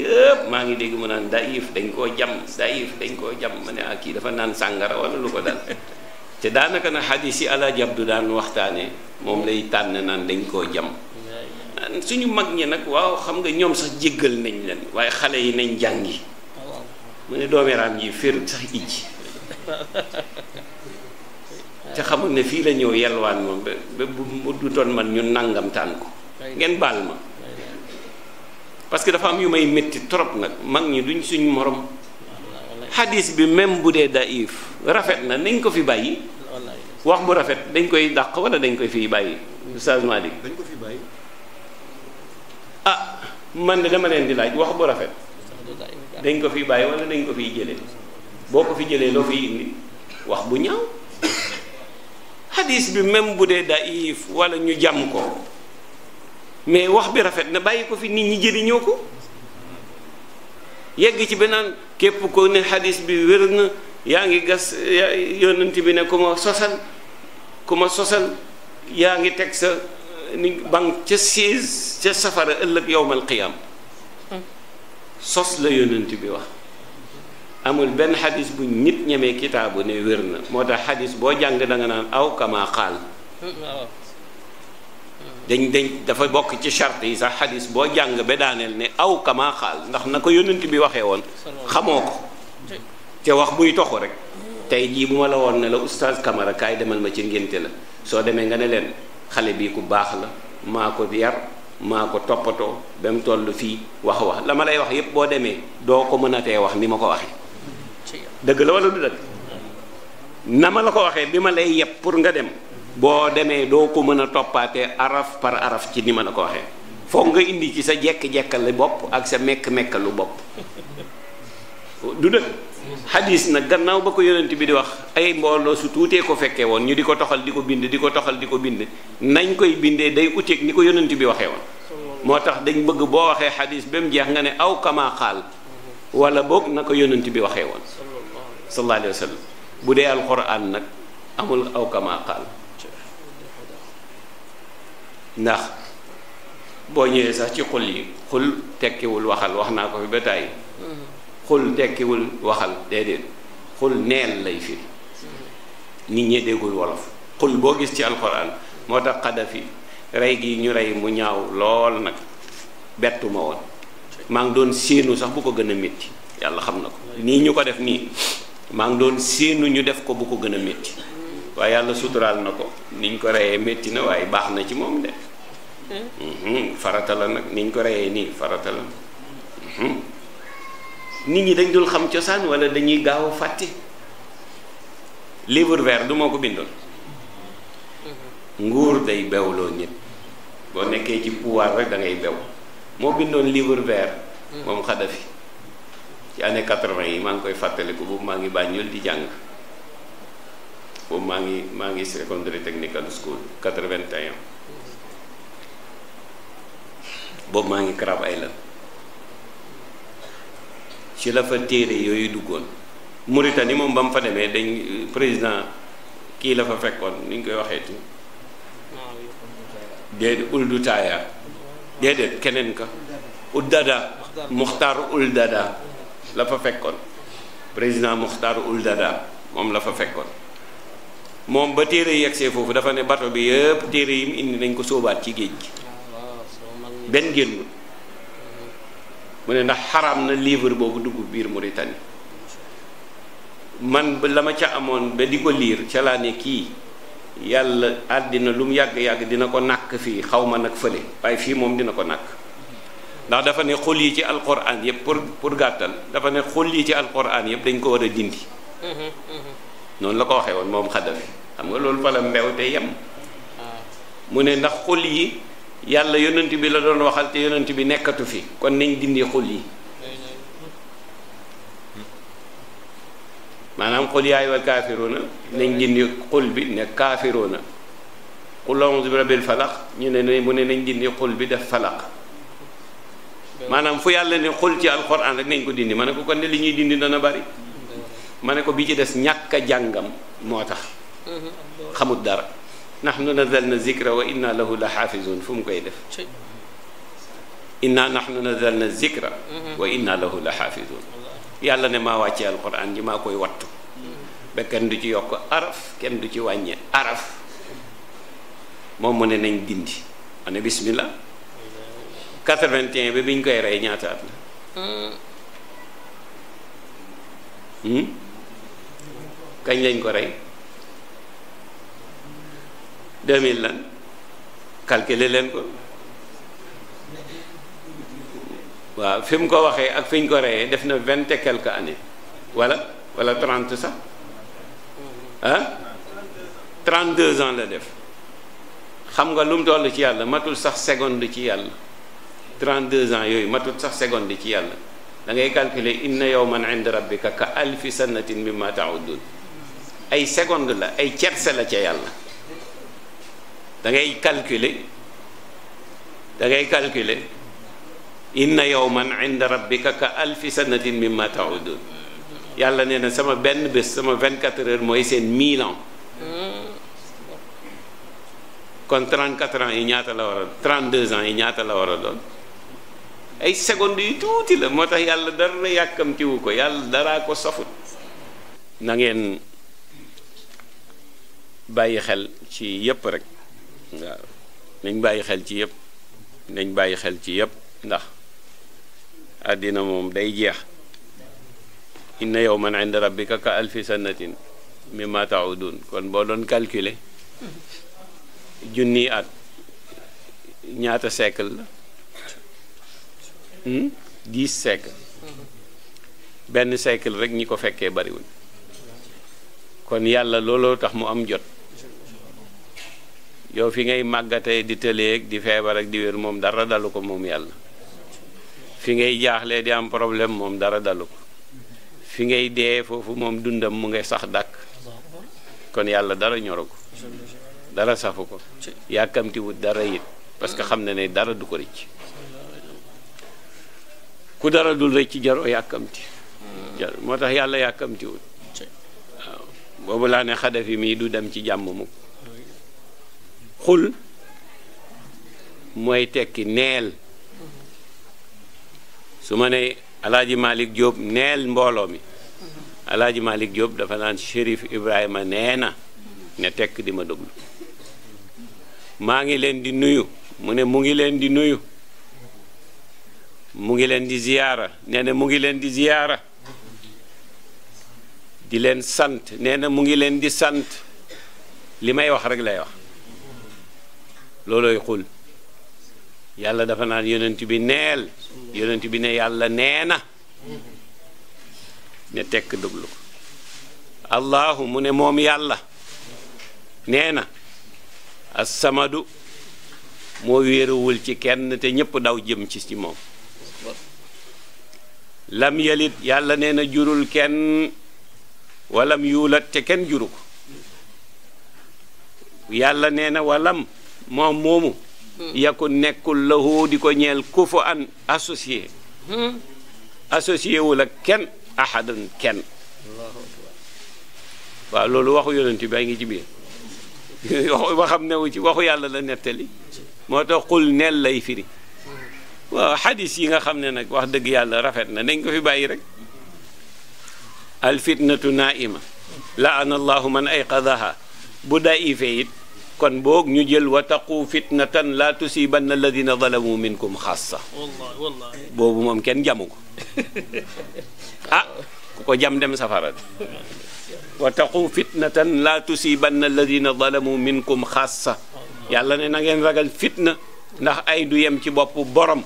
yëpp maa ngi dégg mu naan daif dañ koo jam daif dañ koo jam ma ne ak ah, kii dafa naan sàngara wala lu ko dal te daanaka na xadis yi ala jabdu daan waxtaane moom lay tànn naan dañ koo jam suñu mag ñi nag waaw xam nga ñoom sax jéggal nañ leen waaye xale yi nañ jàngi mu ne doomeraam ji féerut sax ijji te xamul ne fii la ñëw yelwaan moom ba bu mu dutoon man ñu nangam ko ngeen baal ma parce que dafa am yu may métti trop nag mag ñi duñ suñ moroom xadis bi même bu dee daif rafet na dañ ko fi bàyyi wax bu rafet dañ koy dàq wala dañ koy fiy bàyyi Oustaz Malick dañ ko fi bàyyi ah man de dama leen di laaj wax bu rafet dañ ko fi bàyyi wala dañ ko fiy jëlee boo ko fi jëlee loo fiy indi wax bu ñaaw xadis bi même bu dee daif wala ñu jàmm ko mais wax bi rafet na bàyyi ko fi nit ñi jëriñoo ko yegg ci beneen képp ko ne xadis bi wér na yaa ngi gas yonent bi ne ku ma sosal ku ma sosal yaa ngi teg sa ni banque ca siis ca safara ëllëg yowmal qiyaam sos la yonent bi wax amul benn xadiis bu nit ñemee kitaabu ne wér na moo tax xadis boo jàng danga naan aw kamaa xaal dañ dañ dafa bokk ci charte yi sax xadis boo jàng be daaneel ne aw kamaa xaal ndax na ko yónnent bi waxee woon xamoo ko te wax buy toxu rek tey jii bu ma la woon ne la oustaz Camara kaay demal ma ci ngénte la soo demee nga ne leen xale bii ku baax la maa ko yar maa ko toppatoo ba mu toll fii wax wax la ma lay wax yépp boo demee doo ko mënatee wax ni ma ko waxee dëgg la wala du dëgg na ma la ko waxee bi ma lay yeb pour nga dem boo demee doo ko mën a toppaatee araf par araf ci ni ma la ko waxee foog nga indi ci sa jekk-jekkali bopp ak sa mekk-mekkalu bopp du dëkk xadis na gannaaw ba ko yonent bi di wax ay mbooloo su tuutee ko fekkee woon ñu di ko toxal di ko bind di ko toxal di ko bind nañ koy bindee day uteeg ni ko yonent bi waxee woon moo tax dañ bëgg boo waxee xadiis ba mu jeex nga ne aw kamaa xaal wala boog na ko yonent bi waxee woon sallallahu alayhi wa sallam bu dee nag amul aw kamaa ndax boo ñëwee sax ci xul yi xul tekkiwul waxal wax naa ko fi ba tàyyi xul tekkiwul waxal déedéet xul neel lay firi nit ñi déggul wolof xul boo gis ci alxuraan moo tax xadafi rey gi ñu rey mu ñaaw lool nag bettuma woon maa ngi doon séenu sax bu ko gën a métti yàlla xam na ko nii ñu ko def nii maa ngi doon séenu ñu def ko bu ko gën a métti waa yàlla suturaal na ko niñ ko reyee metti na waaye baax na ci moom de hmm. Hmm, farata nag niñ ko reyee nii farata la hmm. nit ñi dañ dul xam cosaan wala dañuy gaaw a fàtte livre vert du moo ko bindoon nguur day bewloo nit boo nekkee ci pouvoir rek dangay ngay bew moo bindoon livre vert moom Kadhafi ci année quatre-vingt yi maa ngi koy fàttaliku boobu maa ngi Banjul di jàng boobu maa ngi maa ngi secondary technical school 81 boobu maa ngi Crab Island ci la fa téere yooyu duggoon ni moom ba mu fa demee dañ président kii la fa fekkoon ni ñu koy waxee ti déedéet Uldu Taaya déedéet keneen ka Uldada Muxtaar Uldada la fa fekkoon président Muxtaar dada moom la fa fekkoon moom ba téere yi yegsee foofu dafa ne bato bi yëpp téere yi mu indi nañ ko soobaat ci géej gi benn génn mu ne ndax xaraam na livre boobu dugg biir Mauritanie man ba la ma ca amoon ba di ko liir ca laa ne kii yàlla àddina lu mu yàgg-yàgg dina ko nàkk fii xaw ma nag fële waaye fii moom dina ko nàkk ndax dafa ne xol yi ci alquran yëpp pour pour gàttal dafa ne xol yi ci alquran yëpp dañ ko war a dindi mm-hmm, mm-hmm. noonu la ko waxee woon moom Xadafi xam nga loolu fa la mbew te yem hmm. mu ne ndax xol yi yàlla yonent bi la doon waxal te yonent bi nekkatu fi kon nañ dindi xol yi maanaam xul yaa ayyuhal kaafiruuna nañ dindi xul bi ne kaafiruuna qul a'uuzu bi rabbil falaq ñu ne ne mu ne nañ dindi xul bi def falaq hmm. maanaam fu yàlla ne xul ci alxuraan rek nañ ko dindi ma ne ko kon ne li ñuy dindi dana bari ma ne ko bi ci des ñàkk jàngam moo tax xamut dara nahnu nazalna zikra wa inna lahu la xaafizun fu mu koy def inna nahnu nazalna zikra mm-hmm. wa inna lahu la xaafizun yàlla ne maa wàccee alquran ji maa koy wattu mm-hmm. ba kenn du ci yokk araf kenn du ci wàññi araf moom mu ne nañ dindi ma ne bismillah 81 ba biñ koy rey ñaata at la mm-hmm. hmm? kañ lañ ko rey mille lan calculer leen ko waaw fi mu ko waxee ak fi ñu ko reyee def na vingt et quelques années wala wala trente sax ah trent deux ans la def xam nga lu mu toll ci yàlla matul sax seconde ci yàlla trente deux ans yooyu matul sax seconde ci yàlla da ngay calculer inna yawman inda rabbika ka alfi sanatin mimma ta'udun ay seconde la ay cerse la ca yàlla dangay ngay dangay da ngay calculer inna yawman inda rabbika ka alfi sanatin mimma taudun yàlla nee na sama benn bés sama 24 heures mooy seen 1000 ans kon 34 ans yi ñaata la war a 32 ans yi ñaata la war a doon ay seconde yu tuuti la moo tax yàlla dara yàkkamtiwu ko yàlla daraa ko sofut na bàyyi xel ci yëpp rek waaw nañ bàyyi xel ci yëpp nañ bàyyi xel ci yëpp ndax àddina moom day jeex inna yawman inda rabbika ka alfi sanatin mimma taudun kon boo doon calculer junni at ñaata siècle la hmm? dix siècle benn siècle rek ñi ko fekkee bariwul kon yàlla looloo tax mu am jot yow fi ngay màggatee di tëleeg di feebar ak di wér moom dara dalu ko moom yàlla fi ngay jaaxlee di am problème moom dara dalu ko fi ngay dee foofu moom dundam mu ngay sax dàkk kon yàlla dara ñoro dara safu ko yàkkamtiwut dara it parce que xam na ne dara du ko rëcc ku dara dul rëcc jaroo yàkkamti jar moo tax yàlla yàkkamtiwut waaw boobu laa ne xadafi mii du dem ci jàmm mukk xul mooy tekki neel su ma ne alaaji malik Diop neel mbooloo mi alaaji Malick jóob dafa naan Chérif Ibrahima nee na ne tekk di ma déglu maa ngi leen di nuyu mu ne mu ngi leen di nuyu mu ngi leen di ziyaara nee mu ngi leen di ziyaara di leen sant nee na mu ngi leen di sant li may wax rek lay wax loolooy xul yàlla dafa naan yonent bi neel yonent bi ne yàlla nee na ne tekk déglu ko allahu mu ne moom yàlla nee na assamadu moo wéeruwul ci kenn te ñépp daw jëm ci ci moom lam yalit yàlla nee na jurul kenn walam yuulat te kenn juru ko yàlla nee walam moom moomu hmm. yakku nekkul lahu di ko ñeel ku fa an associé hmm. associé wu la kenn waaw loolu wax yonent bi a ngi ci biir waxam newu ci waxu yàlla la nettali moo tax xul neel lay firi hmm. waaw xadis yi nga xam ne nag wax dëgg yàlla rafet na dañ ko fi bàyyi rek alfitnatu naaima la ana allahu man ayqadaha bu daifee it kon boog ñu jël wattaqu fitnatan laa tusibanna alladina zalamu minkum xaassa boobu moom kenn jamu ko ah ku ko jam dem safara wattaqu fitnatan laa tusibanna alladina zalamu minkum xaassa yàlla ne na ngeen ragal fitna ndax ay du yem ci bopp borom